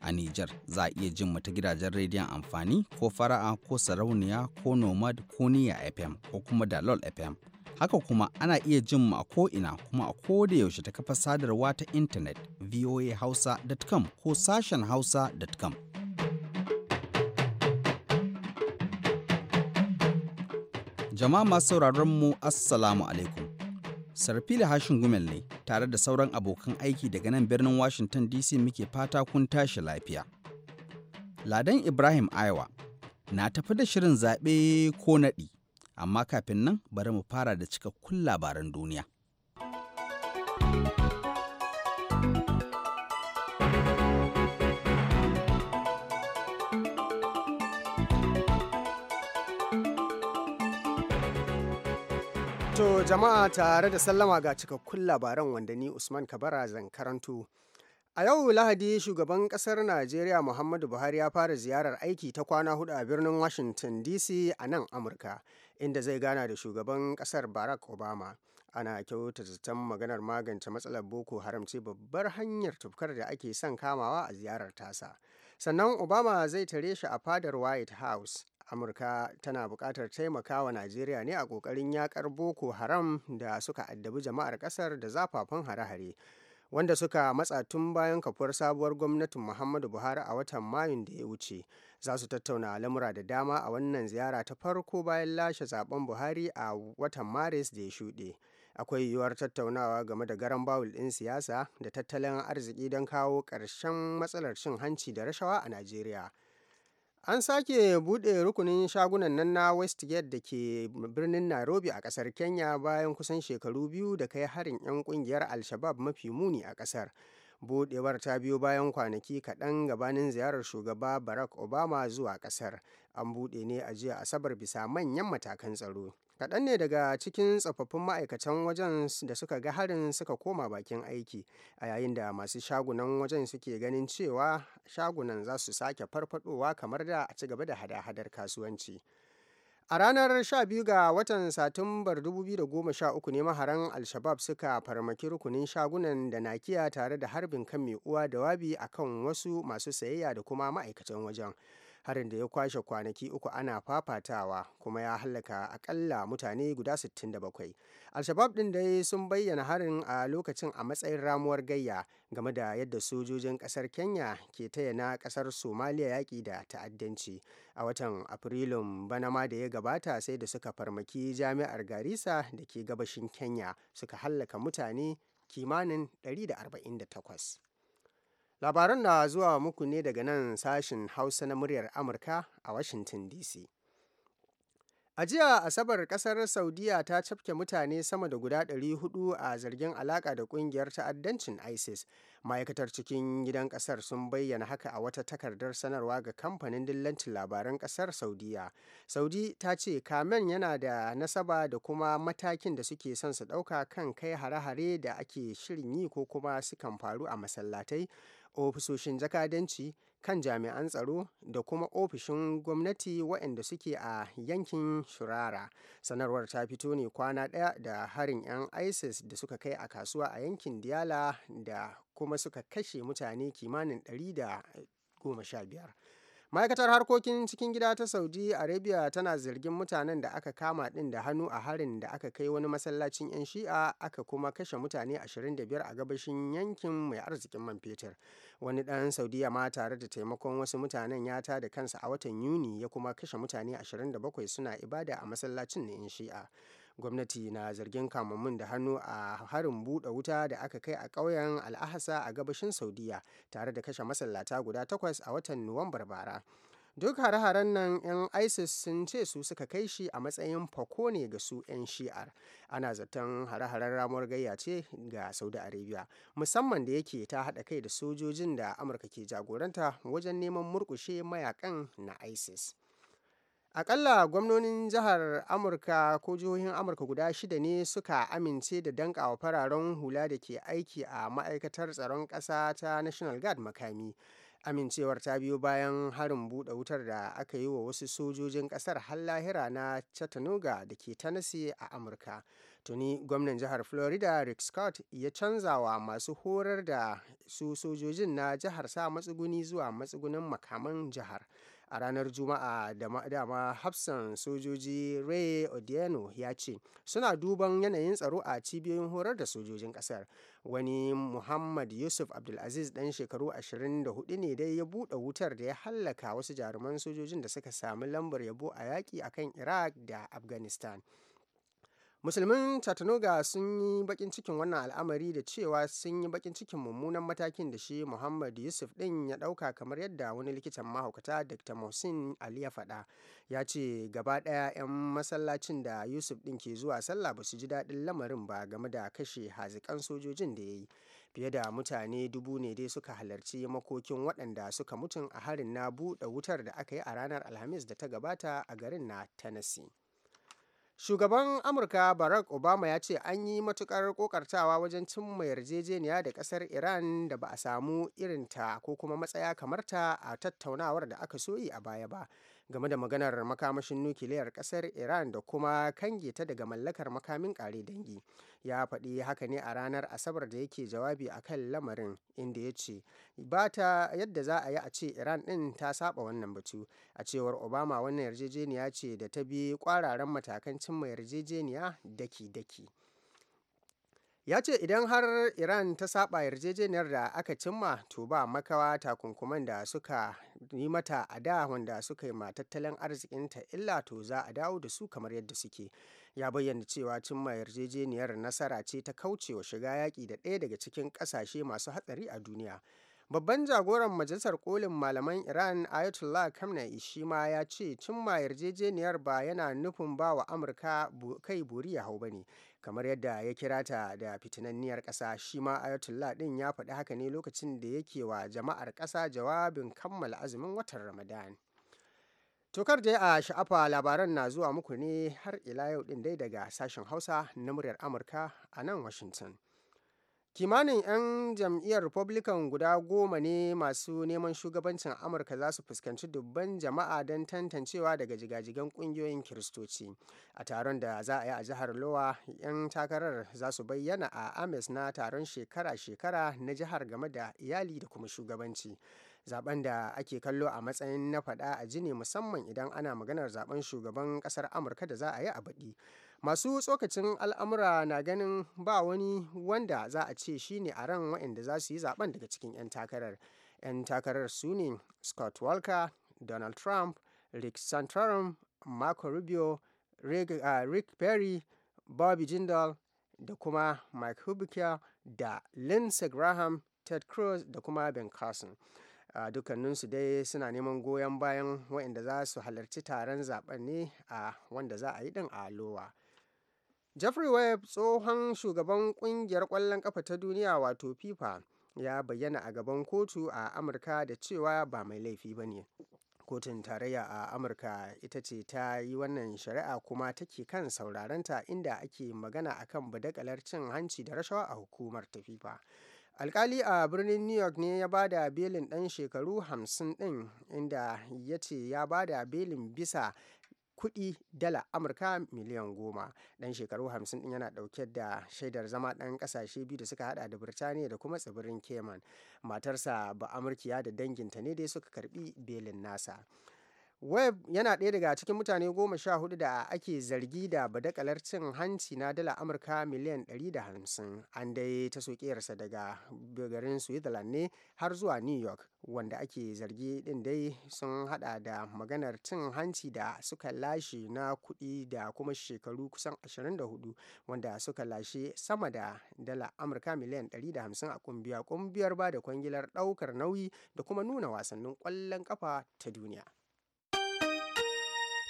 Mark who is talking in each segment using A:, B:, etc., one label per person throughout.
A: a Nijar za a iya jin mu ta gidajen rediyon amfani ko fara'a ko sarauniya ko nomad ko niya FM ko kuma dalol FM. Haka kuma ana iya jin ma a ko'ina kuma a ko da yaushe ta kafa sadarwa ta intanet voahausa.com ko sashen hausa.com. Jama'a masu sauraron mu Assalamu alaikum. sarfila hashin gumel ne tare da sauran abokan aiki daga nan birnin washington dc muke fata kun tashi lafiya ladan ibrahim ayawa na tafi da shirin zaɓe ko naɗi amma kafin nan bari mu fara da cikakkun labaran duniya
B: jama'a tare da sallama ga cikakkun labaran wanda ni Usman Kabara zan karanto. A yau Lahadi shugaban kasar Najeriya Muhammadu Buhari ya fara ziyarar aiki ta kwana hudu a birnin Washington DC a nan Amurka, inda zai gana da shugaban kasar Barack Obama. Ana kyauta zaton maganar magance matsalar Boko Haram ce babbar hanyar tufkar da ake son kamawa a ziyarar tasa. Sannan Obama zai tare shi a fadar White House amurka tana buƙatar taimakawa najeriya ne a ƙoƙarin yakar boko haram da suka addabi jama'ar ƙasar da zafafan hare-hare wanda suka matsa tun bayan kafuwar sabuwar gwamnatin muhammadu buhari a watan mayun da ya wuce za su tattauna lamura da dama a wannan ziyara ta farko bayan lashe zaben buhari a watan maris da ya shuɗe akwai yiwuwar tattaunawa game da garan bawul ɗin siyasa da tattalin arziki don kawo ƙarshen matsalar cin hanci da rashawa a najeriya An sake buɗe rukunin shagunan nan na Westgate da ke birnin Nairobi a ƙasar Kenya bayan kusan shekaru biyu da kai harin 'yan ƙungiyar Al-Shabab mafi muni a ƙasar. Buɗewar ta biyo bayan kwanaki kaɗan gabanin ziyarar Shugaba Barack Obama zuwa ƙasar. an buɗe ne a jiya asabar bisa manyan matakan tsaro kaɗan ne daga cikin tsofaffin ma'aikatan wajen da suka ga harin suka koma bakin aiki a yayin da masu shagunan wajen suke ganin cewa shagunan za su sake farfadowa kamar da a ci gaba da hada-hadar kasuwanci a ranar 12 ga watan satumbar 2013 ne maharan al-shabab suka farmaki rukunin shagunan da nakiya tare da harbin kan mai uwa da wabi akan wasu masu sayayya da kuma ma'aikatan wajen harin da ya kwashe kwanaki uku ana fafatawa kuma ya hallaka akalla mutane guda 67 alshabab din dai sun bayyana harin a lokacin a matsayin ramuwar gayya game da yadda sojojin kasar kenya ke taya na kasar somaliya yaƙi da ta'addanci a watan afrilun bana ma da ya gabata sai da suka farmaki jami'ar garisa da ke gabashin kenya suka hallaka mutane kimanin 148 labaran na zuwa muku ne daga nan sashin hausa na muryar amurka a washington dc a jiya asabar kasar saudiya ta cafke mutane sama da guda 400 a zargin alaka da kungiyar ta'addancin isis ma'aikatar cikin gidan kasar sun bayyana haka a wata takardar sanarwa ga kamfanin dillancin labaran kasar saudiya saudi ta ce kamen yana da nasaba da kuma matakin da suke son su ɗauka kan kai hare-hare da ake shirin yi ko kuma sukan faru a masallatai ofisoshin jakadanci kan jami'an tsaro da kuma ofishin gwamnati waɗanda suke a yankin shirara sanarwar ta fito ne kwana ɗaya da harin 'yan isis da suka kai a kasuwa a yankin diyala da kuma suka kashe mutane kimanin 115 ma'aikatar harkokin cikin gida ta saudi arabia tana zargin mutanen da aka kama din da hannu a harin da aka kai wani masallacin 'yan shi'a aka kuma kashe mutane 25 a gabashin yankin mai arzikin man fetur wani dan saudiya ma tare da taimakon wasu mutanen ya ta da kansa a watan yuni ya kuma kashe mutane 27 suna ibada a masallacin na 'yan shi'a gwamnati na zargin kamammun da hannu a harin buɗe wuta da aka kai a ƙauyen al'ahasa a gabashin saudiya tare da kashe masallata guda takwas a watan nuwambar bara duk hare-haren nan 'yan isis sun ce su suka kai shi a matsayin fako ne ga su 'yan shi'ar ana zaton hare-haren ramuwar gayya ce ga saudi arabia musamman da yake ta haɗa kai da sojojin da amurka ke jagoranta wajen neman murƙushe mayakan na isis Akalla gwamnonin jihar Amurka ko jihohin Amurka guda shida ne suka amince da dankawa fararen hula da ke aiki a Ma'aikatar Tsaron Ƙasa ta National Guard makami. Amincewar ta biyo bayan harin buɗe wutar da aka yi wa wasu sojojin ƙasar har lahira na Chattanooga da ke Tennessee a Amurka. Tuni gwamnan jihar Florida Rick Scott ya canza wa masu horar da su sojojin na jihar sa matsuguni zuwa matsugunin makaman jihar. a ranar juma'a da dama hafsan sojoji ray odiano ya ce suna duban yanayin tsaro a cibiyoyin horar da sojojin kasar wani muhammad yusuf abdulaziz dan shekaru 24 ne dai ya buɗe wutar da ya hallaka wasu jaruman sojojin da suka sami lambar yabo a yaƙi akan iraq da afghanistan musulmin chattanooga sun yi bakin cikin wannan al'amari da cewa sun yi bakin cikin mummunan matakin da shi muhammad yusuf din ya dauka kamar yadda wani likitan mahaukata dr mohsin ali ya faɗa ya ce gaba ɗaya 'yan masallacin da yusuf din ke zuwa sallah ba su ji daɗin lamarin ba game da kashe hazikan sojojin da ya yi fiye da mutane dubu ne dai suka halarci makokin waɗanda suka mutun a harin na buɗe wutar da aka yi a ranar alhamis da ta gabata a garin na tennessee Shugaban Amurka Barack Obama ya ce an yi matuƙar ƙoƙartawa wajen cimma yarjejeniya da kasar Iran da ba a samu irinta ko kuma matsaya kamar ta a tattaunawar da aka soyi a baya ba. game da maganar makamashin nukiliyar kasar iran da kuma kange ta daga mallakar makamin kare dangi ya faɗi haka ne a ranar asabar da yake jawabi a kan lamarin inda ya ce ba ta yadda za a yi a ce iran ɗin ta saba wannan batu a cewar obama wannan yarjejeniya ce da ta bi kwararren matakan cimma yarjejeniya daki-daki ya ce idan har iran ta saba yarjejeniyar da aka cimma to ba makawa takunkuman da suka yi mata a da wanda suka yi ma tattalin arzikinta illa to za a dawo da su kamar yadda suke ya bayyana cewa cimma yarjejeniyar nasara ce ta kaucewa shiga yaƙi da ɗaya daga cikin ƙasashe masu hatsari a duniya babban jagoran majalisar kolin malaman iran ayatollah khamenei shi ma ya ce cimma yarjejeniyar ba yana nufin ba wa amurka kai buri ya hau bane kamar yadda ya kira ta da fitinanniyar ƙasa shi ma ayatollah din ya faɗi haka ne lokacin da yake wa jama'ar ƙasa jawabin kammala azumin watan ramadan tokar dai a sha'afa labaran na zuwa muku ne har ila yau din dai daga sashen hausa na muryar amurka a nan washington kimanin 'yan jam'iyyar republican guda goma ne masu neman shugabancin amurka za su fuskanci dubban jama'a don tantancewa daga jigajigan kungiyoyin kiristoci a taron da za a yi a jihar lowa 'yan takarar za su bayyana a ames na taron shekara-shekara na jihar game da iyali da kuma shugabanci zaben da ake kallo a matsayin na faɗa a jini musamman idan ana maganar zaben shugaban ƙasar amurka da za a yi a baɗi masu tsokacin al'amura na ganin ba wani wanda za a ce shine a ran waɗanda za su yi zaben daga cikin 'yan takarar 'yan takarar su ne scott walker donald trump rick santorum marco rubio rick, uh, rick perry bobby jindal da kuma mike hubica da lindsey graham ted cruz da kuma ben carson Uh, dukkaninsu dai suna neman goyon bayan waɗanda za su halarci taron zaben ne a wanda za a yi din a lowa. Jeffrey Webb tsohon shugaban kungiyar ƙwallon ƙafa ta duniya wato FIFA ya bayyana a gaban kotu a Amurka da cewa ba mai laifi ba ne. Kotun tarayya a Amurka ita ce ta yi wannan shari'a kuma take kan saurarenta inda ake magana akan badakalar cin hanci da rashawa a hukumar ta FIFA. alkali a birnin new york ne ya ba da belin ɗan shekaru 50 ɗin inda ya ce ya ba da belin bisa kuɗi dala amurka miliyan goma ɗan shekaru hamsin ɗin yana ɗauke da shaidar zama ɗan ƙasashe biyu da suka hada da birtaniya da kuma tsibirin cayman matarsa ba amurkiya da danginta ne dai suka karbi belin nasa Webb yana ɗaya daga cikin mutane goma sha hudu da ake zargi da badakalar cin hanci na dala Amurka miliyan 150. An dai ta sokiyarsa daga garin Switzerland ne har zuwa New York, wanda ake zargi ɗin dai sun hada da maganar cin hanci da suka lashe na kuɗi da kuma shekaru kusan 24 wanda suka lashe sama da dala Amurka miliyan 150 a kumbiya kumbiyar ba da kwangilar ɗaukar nauyi da kuma nuna wasannin ƙwallon kafa ta duniya.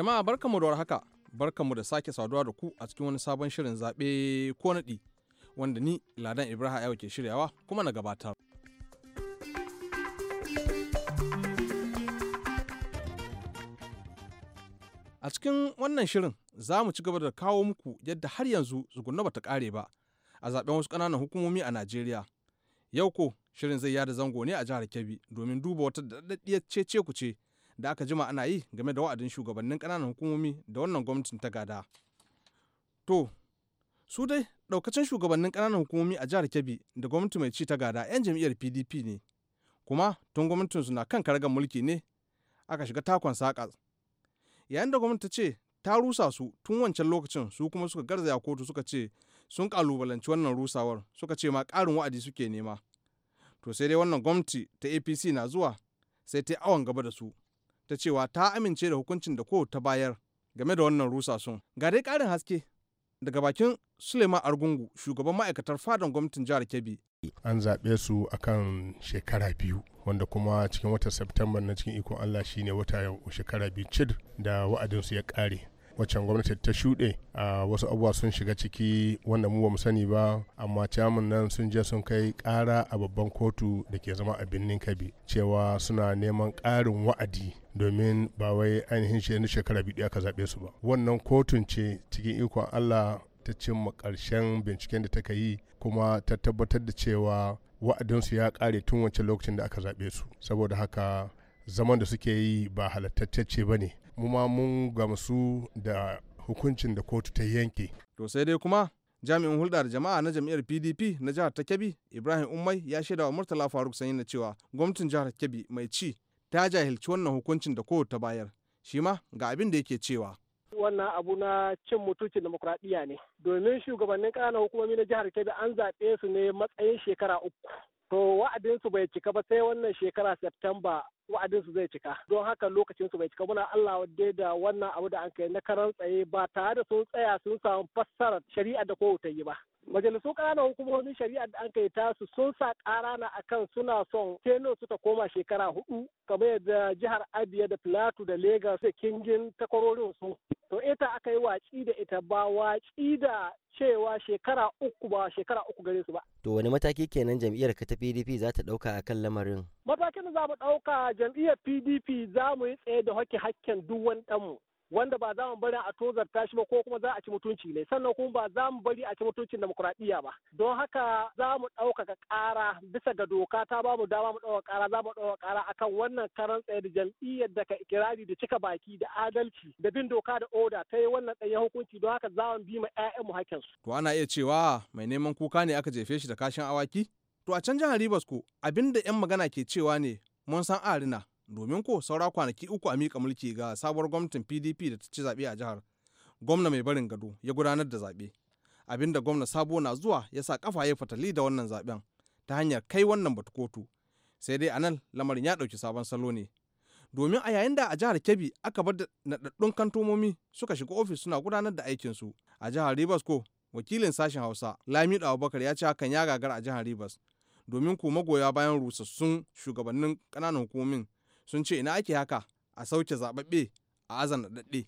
C: Jama'a barkanmu da haka barkanmu da sake saduwa da ku a cikin wani sabon shirin zaɓe ko naɗi wanda ni Ladan Ibrahim yau ke shiryawa kuma na gabatar. A cikin wannan shirin za mu ci gaba da kawo muku yadda har yanzu tsugunna ta kare ba a zaɓen wasu ƙananan hukumomi a Najeriya. Yau ko shirin zai yada zango ne a jihar Kebbi domin duba wata daɗaɗɗiyar cece kuce ce da aka jima ana yi game da wa'adin shugabannin ƙananan hukumomi da wannan gwamnatin ta gada. To, su dai ɗaukacin shugabannin ƙananan hukumomi a jihar Kebbi da gwamnati mai ci ta gada 'yan jam'iyyar PDP ne, kuma tun gwamnatinsu na kan karagar mulki ne aka shiga takon saƙa. Yayin da gwamnati ce ta rusa su tun wancan lokacin su kuma suka garzaya kotu suka ce sun kalubalanci wannan rusawar suka ce ma ƙarin wa'adi suke nema. To sai dai wannan gwamnati ta APC na zuwa sai ta yi awon gaba da su ta cewa ta amince da hukuncin da kotu ta bayar game da wannan rusasun. Ga dai karin haske daga bakin sulema Argungu shugaban ma'aikatar fadan gwamnatin jihar Kebbi.
D: An zaɓe su akan shekara biyu wanda kuma cikin watan september na cikin ikon Allah shine wata shekara biyu cid da wa'adinsu ya ƙare. waccan gwamnati ta shuɗe a wasu abubuwa sun shiga ciki wanda mu bamu sani ba amma ciyaman nan sun je sun kai ƙara a babban kotu da ke zama a birnin kabi cewa suna neman ƙarin wa'adi domin ba wai ainihin shi shekara biyu aka zaɓe su ba wannan kotun ce cikin ikon allah ta cimma ƙarshen binciken da ta yi kuma ta tabbatar da cewa wa'adinsu ya ƙare tun wancan lokacin da aka zaɓe su saboda haka zaman da suke yi ba halattacce ba ne mu ma mun gamsu da hukuncin da kotu ta yanke.
C: To sai dai kuma jami'in hulɗar jama'a na jam'iyyar PDP na jihar ta Kebbi Ibrahim Ummai ya shaida wa Murtala Faruk Sanyi na cewa gwamnatin jihar Kebbi mai ci ta jahilci wannan hukuncin da kotu ta bayar. Shi ma ga abin da yake cewa.
E: wannan abu na cin mutuncin demokuraɗiyya ne domin shugabannin ƙananan hukumomi na jihar kebbi an zaɓe su ne matsayin shekara uku to wa'adinsu bai cika ba sai wannan shekara septemba su zai cika don haka lokacin su bai cika muna Allah dai da wannan abu da an kai na karan tsaye ba tare da sun tsaya sun samu fassarar shari'a da kowace yi ba. majalisun ƙananan hukumomin shari'a da an kai ta su sun sa ƙara na akan suna son teno su ta koma shekara hudu kamar yadda jihar abia da plateau da lagos da kingin takwarorin su to ita aka yi watsi da ita ba watsi da cewa shekara uku ba shekara uku gare su ba.
F: To wani mataki kenan jam'iyyar ka ta PDP za ta ɗauka akan lamarin?
E: Matakin da za mu ɗauka jam'iyyar PDP za mu yi tsaye da hakkin hakken duk wani ɗanmu. wanda ba za mu bari a tozarta shi ba ko kuma za a ci mutunci ne sannan kuma ba za mu bari a ci mutuncin demokuraɗiyya ba don haka za mu ɗaukaka ƙara bisa ga doka ta ba mu dama mu ɗaukaka ƙara za mu ɗaukaka ƙara akan wannan karan tsaye da jam'iyyar da ka ikirari da cika baki da adalci da bin doka da oda ta yi wannan ɗanyen hukunci don haka za mu bi ma 'ya'yanmu hakkinsu.
C: to ana iya cewa mai neman kuka ne aka jefe shi da kashin awaki? to a can jihar ribas ko abinda 'yan magana ke cewa ne mun san arina domin ko saura kwanaki uku a mika mulki ga sabuwar gwamnatin pdp da ta ci zaɓe a jihar gwamna mai barin gado ya gudanar da zaɓe abinda gwamna sabo na zuwa ya sa kafa ya fatali da wannan zaɓen ta hanyar kai wannan batu kotu sai dai anan lamarin ya ɗauki sabon salo ne domin a yayin da a jihar kebbi aka bar da naɗaɗɗun kantomomi suka shiga ofis suna gudanar da aikinsu a jihar rivers ko wakilin sashen hausa lamido abubakar ya ce hakan ya gagara a jihar rivers domin ko magoya bayan rusassun shugabannin ƙananan hukumomin sun ce ina ake haka a sauke zaɓaɓɓe a azana daɗe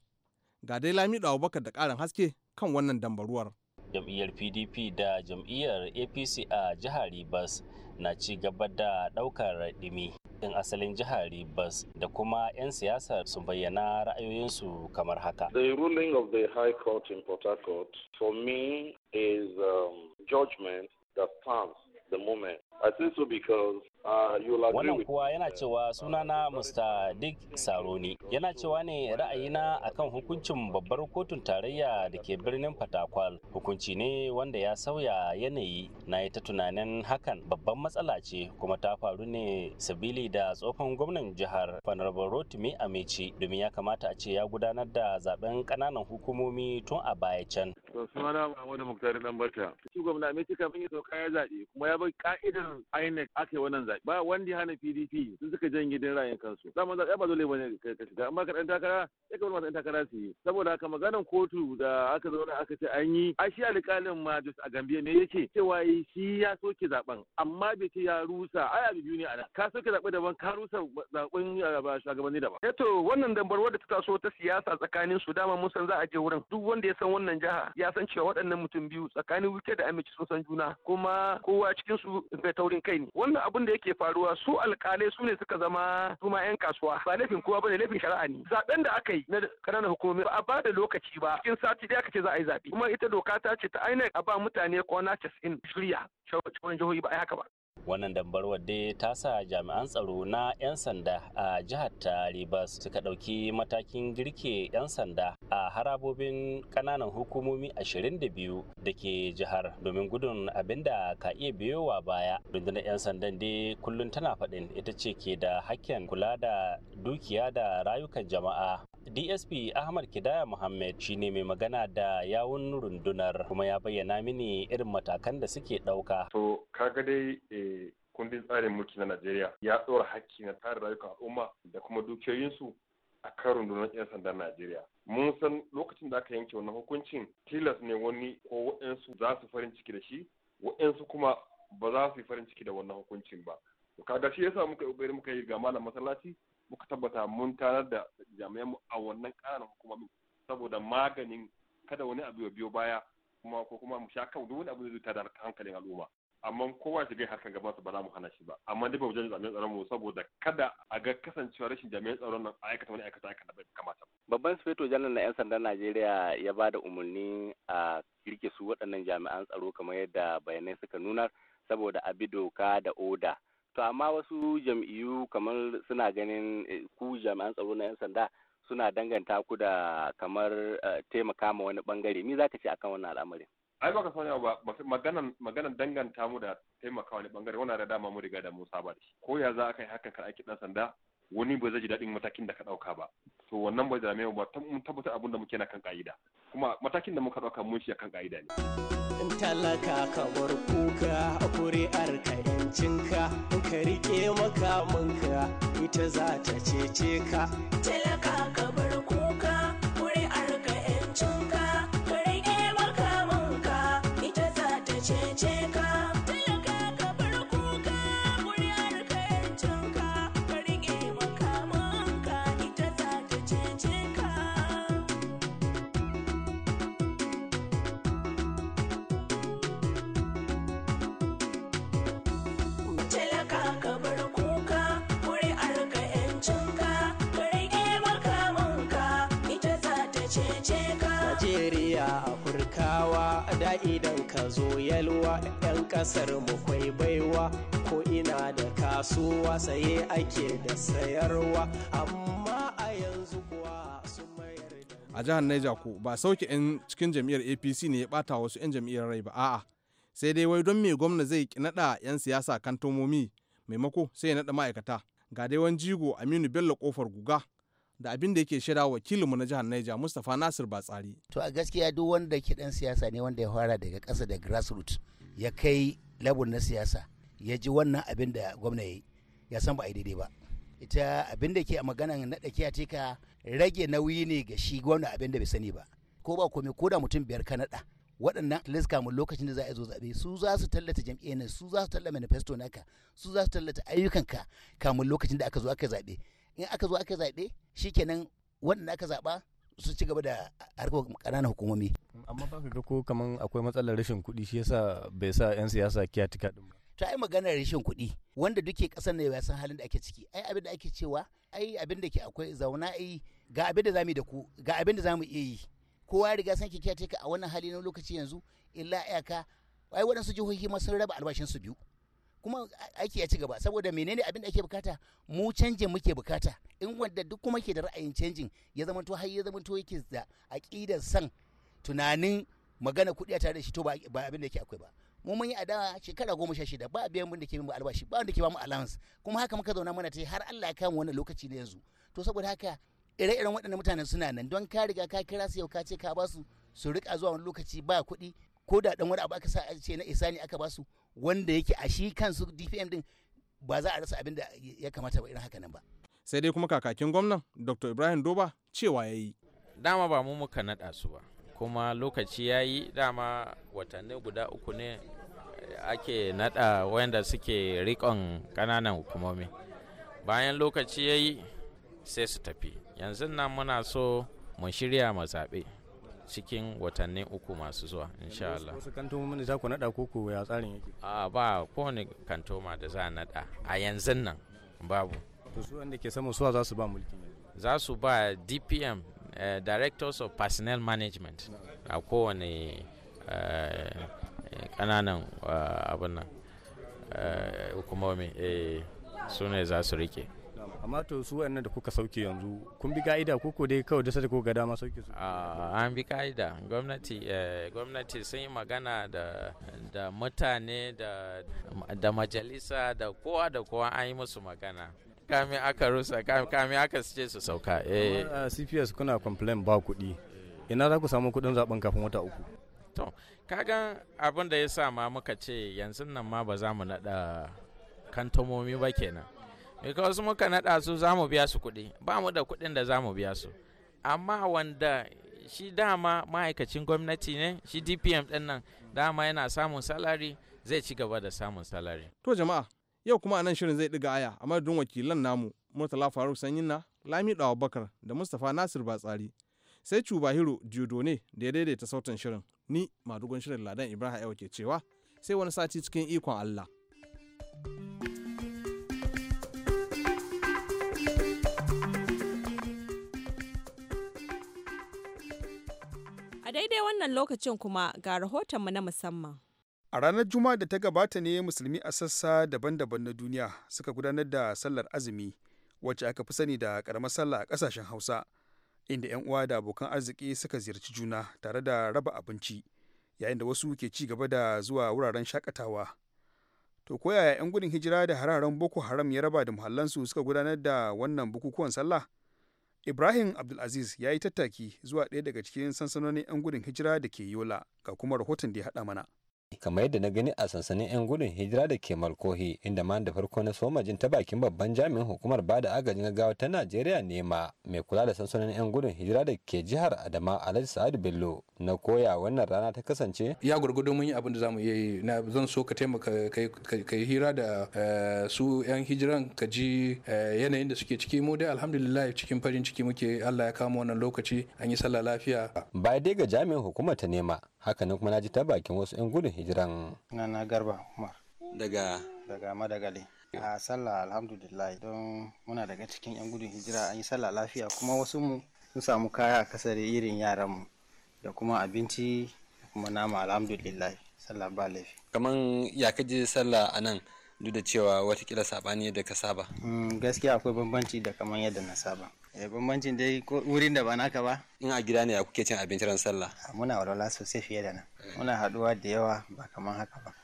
C: ga dai lamido abubakar da ƙarin haske kan wannan dambaruwar jam'iyyar
F: pdp da jam'iyyar apc a jihar ribas na ci gaba da ɗaukar ɗimi ɗin asalin jihar ribas da kuma 'yan siyasar su bayyana ra'ayoyinsu kamar haka the
G: ruling of the high court in port harcourt for me is um, judgment that stands the moment i think so because Uh, wannan
F: kuwa yana cewa uh, sunana Mr. Dick Saroni. Yana cewa ne ra'ayina akan hukuncin babbar kotun tarayya da ke birnin Fatakwal. Hukunci ne wanda ya sauya yanayi na yi ta tunanin hakan babban matsala ce kuma ta faru ne sabili da tsohon gwamnan jihar Honorable Rotimi Amici domin ya kamata a ce ya gudanar da zaben kananan hukumomi tun a baya can.
G: To sunana Muhammadu Muktari kuma ya bar ka'idar INEC ake wannan ba wanda ya hana PDP sun suka janye din rayin kansu zaman zaɓe ba dole ne ka shiga amma ka ɗan takara ya kamata masu ɗan takara su yi saboda haka maganar kotu da aka zauna aka ce an yi a shi alƙalin ma just a Gambia ne yake cewa shi ya soke zaben amma bai ce ya rusa ai abu biyu ne a nan ka soke zaɓe daban ka rusa zaɓen shugabanni daban. Eto eh wannan dambar wadda ta taso ta siyasa tsakanin su dama mun san za a je wurin duk wanda ya san wannan jaha, ya san cewa waɗannan mutum biyu tsakanin wike da amici sun san juna kuma kowa cikin su bai taurin kai ne wannan abin da ke faruwa su alkalai su ne suka zama su 'yan kasuwa ba laifin kowa ba ne laifin shari'a ne zaben da aka yi na kananan hukumomi ba a ba da lokaci ba cikin sati ɗaya aka ce za a yi zaɓe kuma ita doka ta ce ta INEC a
F: ba mutane kwana 90 shirya shawarar jihohi ba a yi haka ba. wannan dambarwar dai ta sa jami'an tsaro na 'yan sanda a jihar ta ribas suka ɗauki matakin girke 'yan sanda a harabobin ƙananan hukumomi 22 da ke jihar domin gudun abinda ka iya biyowa baya rundunar 'yan sandan dai kullum tana faɗin ita ce ke da hakken kula da dukiya da rayukan jama'a dsp ahmad kidaya muhammad shine mai magana da yawun rundunar kuma ya bayyana mini irin matakan da suke ɗauka.
G: to kaga dai eh, kundin tsarin mulki na najeriya ya tsora hakki na tsarin rayukan al'umma da kuma dukiyoyinsu a kan rundunar 'yan sandan Najeriya. Mun san lokacin da aka yanke wannan hukuncin tilas ne wani ko waɗansu za su farin ciki da shi, waɗansu kuma ba za su yi farin ciki da wannan hukuncin ba. To kaga shi yasa muka yi ƙoƙari muka yi ga malam masallaci muka tabbata mun tanar da jami'an mu a wannan ƙananan hukumomin saboda maganin kada wani abu ya biyo baya kuma ko kuma mu sha kan wani abu zai tada hankalin al'umma amma kowa shiga harkar gaban ba za mu hana shi ba amma dai wajen jami'an tsaron mu saboda kada a ga kasancewa rashin jami'an tsaron nan a aikata wani aikata aikata bai kamata
F: babban sufeto janar na yan sandan Najeriya ya ba da umarni a kirke su waɗannan jami'an tsaro kamar yadda bayanai suka nuna saboda abi doka da oda to amma wasu jam'iyyu kamar suna ganin eh, ku jami'an tsaro na 'yan sanda suna danganta ku da kamar eh, taimaka ma wani bangare ni zaka ce akan wannan al'amarin ai baka sanya ba maganan maganan danganta mu da taimaka wani bangare wannan da dama mu riga da mu saba da shi
G: ko ya za ka yi hakan kan aiki dan sanda wani bai zai ji daɗin matakin da ka ɗauka ba to wannan bai zame ba mun tabbatar abin da muke na kan ka'ida kuma matakin da muka ɗauka mun shi akan ƙa'ida ne.
B: In talaka ka bar kuka a kuri'ar ka in ka riƙe makamanka ita za ta cece ka. Talaka ka
D: cece ka
B: Najeriya da idan ka zo yalwa 'yan ƙasar mu kwai baiwa ko ina da kasuwa saye ake da sayarwa amma a yanzu kuwa sun mayar
C: da a jihar Niger ko ba sauke 'yan cikin jam'iyyar APC ne ya bata wasu 'yan jam'iyyar rai ba a'a sai dai wai don me gwamna zai ki naɗa 'yan siyasa kantomomi maimako sai ya naɗa ma'aikata ga dai wani jigo Aminu Bello kofar guga da abin da yake shira wakilinmu na jihar Niger Mustapha Nasir Batsari.
D: To a gaskiya duk wanda ke dan siyasa ne wanda ya fara daga ƙasa da grassroots ya kai labur na siyasa ya ji wannan abin da gwamna ya ya san ba a yi daidai ba. Ita abin da ke a maganan naɗa kiyatika rage nauyi ne ga shi gwamna abin da bai sani ba. Ko ba komai ko da mutum biyar ka naɗa. waɗannan liska mu lokacin da za a zo zaɓe su za su tallata jam'iyyar su za su tallata manifesto naka su za su tallata ayyukanka kamun lokacin da aka zo aka zaɓe in aka zo aka zaɓe shikenan wanda aka zaɓa su ci gaba da harkar ƙananan hukumomi. amma ba ka ga ko kaman akwai matsalar rashin
H: kuɗi shi yasa bai sa 'yan siyasa kiyatika ɗin ba.
D: ta ai maganar rashin kuɗi wanda duke ƙasar na ya san halin da ake ciki ai abin da ake cewa ai abin da ke akwai zauna ai ga abin da za mu da ga abin da za mu iya yi kowa ya riga san ki kiyatika a wannan hali na lokaci yanzu illa iyaka ai waɗansu jihohi ma sun raba albashin su biyu kuma aiki ya ci gaba saboda menene abin da ake bukata mu canje muke bukata in wanda duk kuma ke da ra'ayin canjin ya zama to har ya zama to yake da aqidar san tunanin magana kuɗi a tare da shi to ba abin da yake akwai ba mu mun yi adawa shekara goma sha shida ba biyan mun da ke mu albashi ba wanda ke ba mu allowance kuma haka muka zauna mana tai har Allah ya kama wannan lokaci ne yanzu to saboda haka ire-iren waɗannan mutanen suna nan don ka riga ka kira su yau ka ce ka ba su su rika zuwa wani lokaci ba kuɗi ko da dan wani abu aka sa a ce na isani aka ba su wanda yake a shi kansu DPM din ba za a rasa
H: abin da ya kamata ba irin haka nan ba
C: sai dai kuma kakakin gwamnan Dr. Ibrahim Doba cewa ya yi. dama ba mu muka nada su ba
H: kuma lokaci ya yayi dama watanni guda uku ne ake naɗa wayanda suke rikon kananan hukumomi bayan lokaci ya yi sai su tafi yanzu nan muna so mu shirya mu zaɓe cikin watanni uku masu zuwa insha Allah wasu kantoma da za ku naɗa ko ya tsarin yake a ba kowane kantoma da za a naɗa a yanzu nan babu to su wanda ke samu suwa za su ba mulkin za su ba DPM eh, Directors of Personnel Management a kowane kananan eh, eh, abin nan hukumomi su ne za su rike amma to su wayannan da kuka sauke yanzu kun bi ka'ida ko ko dai kawai da sai ga dama sauke su ah, an bi ka'ida gwamnati eh, gwamnati sun yi magana da da mutane da da majalisa da kowa da kowa an yi musu magana kami aka rusa kami aka ce su sauka eh ah, CPS kuna complain ba kuɗi ina za ku samu kuɗin zaben kafin wata uku to kagan abin da ya sa ma muka ce yanzu nan ma ba za mu naɗa kantomomi ba kenan wasu muka naɗa su za mu biya su kuɗi ba mu da kuɗin da za mu biya su amma wanda shi dama ma'aikacin gwamnati ne shi dpm ɗin nan dama yana samun salari zai ci gaba da samun salari
C: to jama'a yau kuma anan shirin zai ɗiga aya a madadin wakilan namu murtala faruk sanyinna lami dawa bakar da mustapha nasir batsari sai cubahiro ne da ya daidaita sautin shirin ni madugun shirin ladan ibrahim ke cewa sai wani sati cikin ikon allah thank you
F: wannan lokacin kuma ga rahotonmu na musamman.
A: A ranar Juma'a da ta gabata ne musulmi a sassa daban-daban na duniya suka gudanar da sallar azumi wacce aka fi sani da karamar sallah a ƙasashen Hausa, inda 'yan uwa da abokan arziki suka ziyarci juna tare da raba abinci, yayin da wasu ke ci gaba da zuwa wuraren shakatawa. To koyaya 'yan gudun hijira da hararen Boko Haram ya raba da muhallansu suka gudanar da wannan bukukuwan sallah? Ibrahim Abdulaziz ya yi tattaki zuwa ɗaya daga cikin sansanonin 'yan gudun hijira da ke Yola ga kuma rahoton da ya haɗa mana.
I: kamar yadda na gani a sansanin 'yan gudun hijira da ke malkohi inda ma da farko na soma jin ta bakin babban jami'in hukumar bada agajin gaggawa ta najeriya nema mai kula da sansanin 'yan gudun hijira da ke jihar adama alhaji sa'adu bello na koya wannan rana ta kasance
C: ya gurgudu mun yi abin da zamu iya yi na zan so ka taimaka ka yi hira da eh, su 'yan hijiran ka ji eh, yanayin da suke ciki mu dai alhamdulillah cikin farin ciki muke allah ya kama wannan lokaci an yi sallah lafiya ba dai ga
I: jami'in hukumar ta nema hakanan kuma na ji ta bakin wasu 'yan gudun hijiran na garba umar
H: daga daga madagali a sallah
B: alhamdulillah don muna daga cikin yan gudun hijira an yi sallah lafiya kuma wasu mu sun samu kaya a kasar irin yaran mu da kuma abinci da kuma nama alhamdulillah
I: sallah ba laifi kaman ya kaji sallah a nan duk da cewa watakila sabani yadda ka saba mm, gaskiya akwai bambanci da kamar yadda na saba eh, bambancin dai wurin da ba naka ba in a gida ne a kuke cin abincin ran sallah
B: ah, muna walwala sosai fiye da nan muna haɗuwa da yawa ba kamar haka ba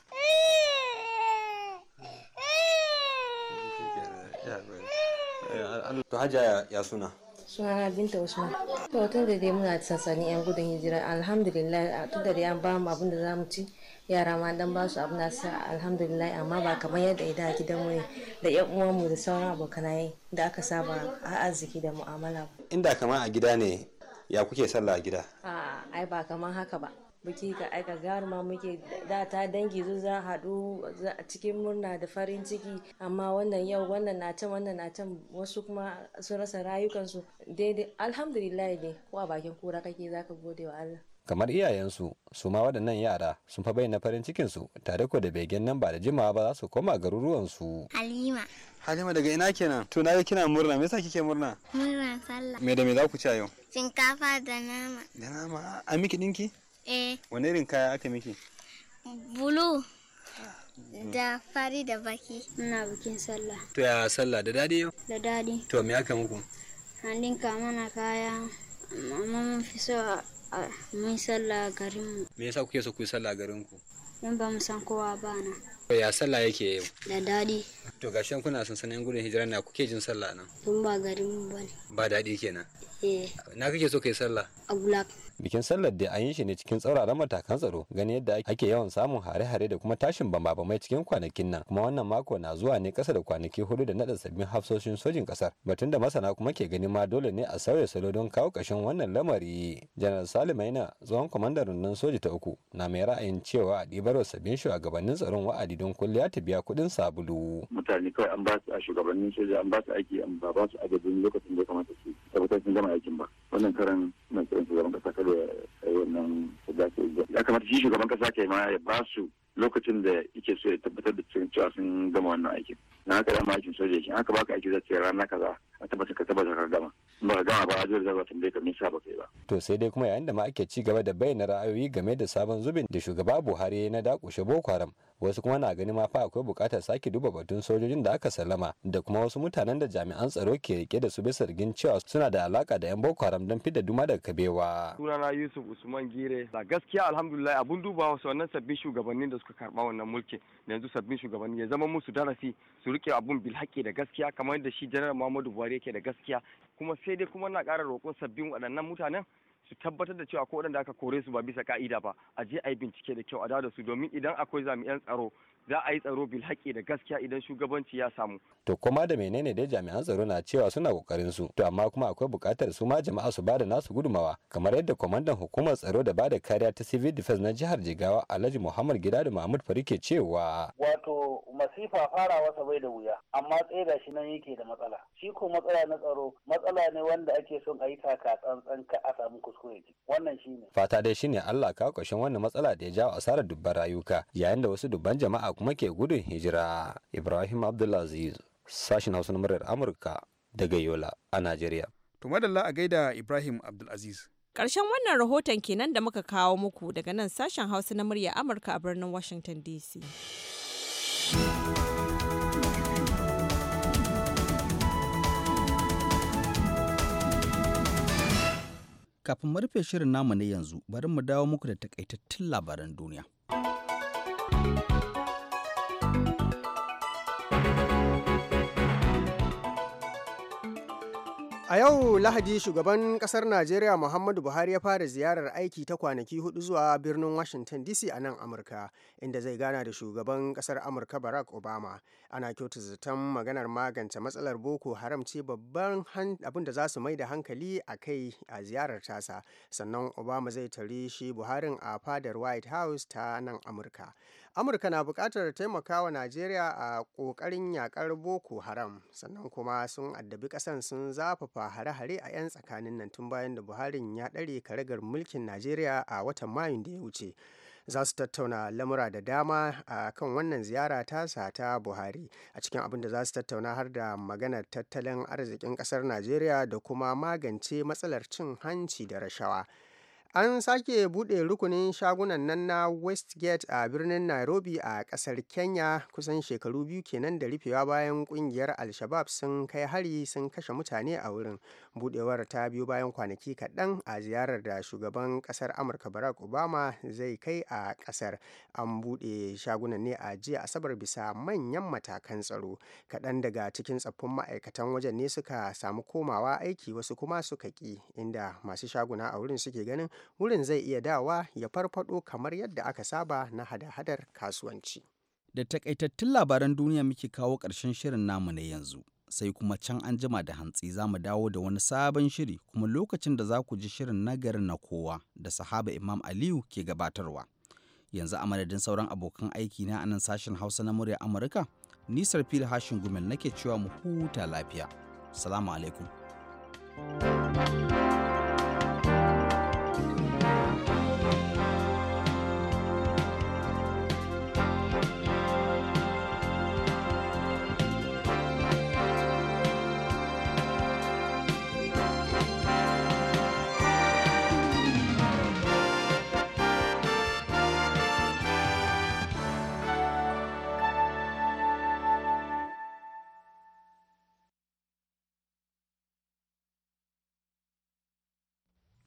I: to hajja ya suna sunana binta usman to tun da dai muna sansanin yan gudun hijira alhamdulillah tun da ya ba mu abin da za mu ci yara ma dan ba su abu na sa alhamdulillah amma ba kamar yadda ya da mu ne da yan uwan mu da sauran abokanai da aka saba a arziki da mu'amala inda kamar a gida ne ya kuke sallah a gida a'a ai ba kamar haka ba biki ga aika garma muke da ta dangi zo za haɗu a cikin murna da farin ciki amma wannan yau wannan na can wannan na can wasu kuma sun rasa rayukansu daidai alhamdulillah ne
D: ko a bakin kura kake za ka gode wa Allah
I: kamar iyayensu su ma waɗannan yara sun fa bayyana farin cikinsu tare ko da begen nan ba da jimawa ba za su koma garuruwansu. Halima. Halima daga ina kenan? To na ga kina murna, me yasa kike murna?
D: Murna sallah.
I: Me da me za ku ci yau?
D: Shinkafa da nama. Da nama,
I: a miki dinki? eh wani irin kaya aka miki
D: bulu da fari da baki muna bikin sallah
I: to ya sallah da dadi yau da dadi to me aka muku
D: an dinka mana kaya
B: amma mun fi so mun sallah garinmu
I: me yasa kuke so ku yi sallah garin ku
B: don ba mu san kowa ba na
I: ya sallah yake yau da daɗi to kuna sansanin gudun hijira na kuke jin sallah nan
C: tun ba garin ba ne
I: ba daɗi kenan eh na kake so kai sallah a bikin sallar da an yi shi ne cikin tsauraran matakan tsaro gani yadda ake yawan samun hare-hare da kuma tashin mai cikin kwanakin nan kuma wannan mako na zuwa ne kasa da kwanaki hudu da naɗa sabbin hafsoshin sojin ƙasar batun da masana kuma ke gani ma dole ne a sauya salo don kawo kashin wannan lamari janar salim aina tsohon kwamandan nan soji ta uku na mai ra'ayin cewa a wasu sabbin shugabannin tsaron wa'adi don kulliya ta biya kuɗin sabulu.
G: Mutane kawai an ba su a shugabannin soja an ba su aiki an ba su adadin lokacin da ya kamata su tabbatar sun gama aikin ba. Wannan karan mai tsirin shugaban kasa kada ya yi wannan ya kamata shi shugaban kasa kai ma ya ba su lokacin da yake so ya tabbatar da cewa sun gama wannan aikin. na haka da aikin soja shi haka baka aiki zai tsira rana kaza a tabbatar ka tabbata ka gama ba ka gama ba a zai zaba tambaye ka nisa ba
I: kai ba. to sai dai kuma yayin da ma ake ci gaba da bayyana ra'ayoyi game da sabon zubin da shugaba buhari ya na dakushe boko haram wasu kuma na gani ma fa akwai bukatar sake duba batun sojojin da aka sallama da kuma wasu mutanen da jami'an tsaro ke rike da su bisa rigin cewa suna da alaka da yan boko haram don fidda duma daga kabewa
A: sunana yusuf usman gire da gaskiya alhamdulillah abun dubawa su wannan sabbin shugabannin da suka karba wannan mulki yanzu sabbin shugabanni ya zama musu darasi su rike abun bil da gaskiya kamar yadda shi janar muhammadu buhari yake da gaskiya kuma sai dai kuma na kara roƙon sabbin waɗannan mutanen su tabbatar da cewa ko waɗanda aka kore su ba bisa ka'ida ba a je a yi bincike da kyau a da su domin idan akwai jami'an tsaro za a yi tsaro bil haƙƙi da gaskiya idan shugabanci ya samu
I: to kuma da menene dai jami'an tsaro na cewa suna kokarin su to amma kuma akwai buƙatar su ma jama'a su bada nasu gudumawa kamar yadda kwamandan hukumar tsaro da bada kariya ta civil defense na jihar jigawa alhaji muhammad gida da mahmud fari ke cewa
D: wato masifa farawa sa bai da wuya amma da shi nan yake da matsala shi ko matsala na tsaro matsala ne wanda ake son a yi taka tsantsan ka a samu kuskure wannan shine
I: fata dai shine Allah ka ƙarshen wannan matsala da ya jawo asarar dubban rayuka yayin da wasu dubban jama'a kuma ke gudun hijira ibrahim abdulaziz sashen hausa na muryar amurka daga yola a najeriya to madalla a gaida ibrahim abdulaziz
F: Ƙarshen wannan rahoton kenan da muka kawo muku daga nan sashen Hausa na murya Amurka a birnin Washington DC.
A: Kafin mu rufe shirin namu na yanzu, bari mu dawo muku da takaitattun labaran duniya.
B: A yau Lahadi shugaban kasar Najeriya Muhammadu Buhari ya fara ziyarar aiki ta kwanaki hudu zuwa birnin Washington DC a nan Amurka, inda zai gana da shugaban kasar Amurka Barack Obama. Ana kyauta zaton maganar magance matsalar Boko Haram ce babban abin da za su mai da hankali a kai a ziyarar tasa. Sannan Obama zai tare shi Buharin a fadar White House ta nan Amurka. amurka na buƙatar taimakawa najeriya a ƙoƙarin yakar boko haram sannan kuma sun addabi ƙasan sun zafafa hare-hare a 'yan tsakanin nan tun bayan da buharin ya ɗare karagar mulkin najeriya a watan mayun da ya wuce za su tattauna lamura da dama a kan wannan ziyara tasa ta buhari a cikin abin da za su tattauna har da maganar tattalin arzikin kasar najeriya da kuma magance matsalar cin hanci da rashawa An sake buɗe rukunin shagunan nan na Westgate a birnin Nairobi a ƙasar Kenya kusan shekaru biyu kenan da rufewa bayan ƙungiyar alshabab sun kai hari sun kashe mutane a wurin. Buɗewar ta biyu bayan kwanaki kaɗan a ziyarar da shugaban ƙasar Amurka Barack Obama zai kai a ƙasar. An buɗe shagunan ne a jiya Asabar bisa manyan matakan tsaro. Kaɗan daga cikin tsaffin ma'aikatan wajen ne suka samu komawa aiki wasu kuma suka ƙi inda masu shaguna a wurin suke ganin wurin zai iya dawa ya farfado kamar yadda aka saba na hada-hadar kasuwanci.
A: Da takaitattun labaran duniya muke kawo ƙarshen shirin namu na yanzu. Sai kuma can an jima da hantsi za mu dawo da wani sabon shiri kuma lokacin da za ku ji shirin na garin na kowa da sahaba Imam Aliyu ke gabatarwa. Yanzu a madadin sauran abokan aiki na anan sashen Hausa na murya Amurka, nisar fil hashin gumel nake cewa mu huta lafiya. Salamu alaikum.
E: thank you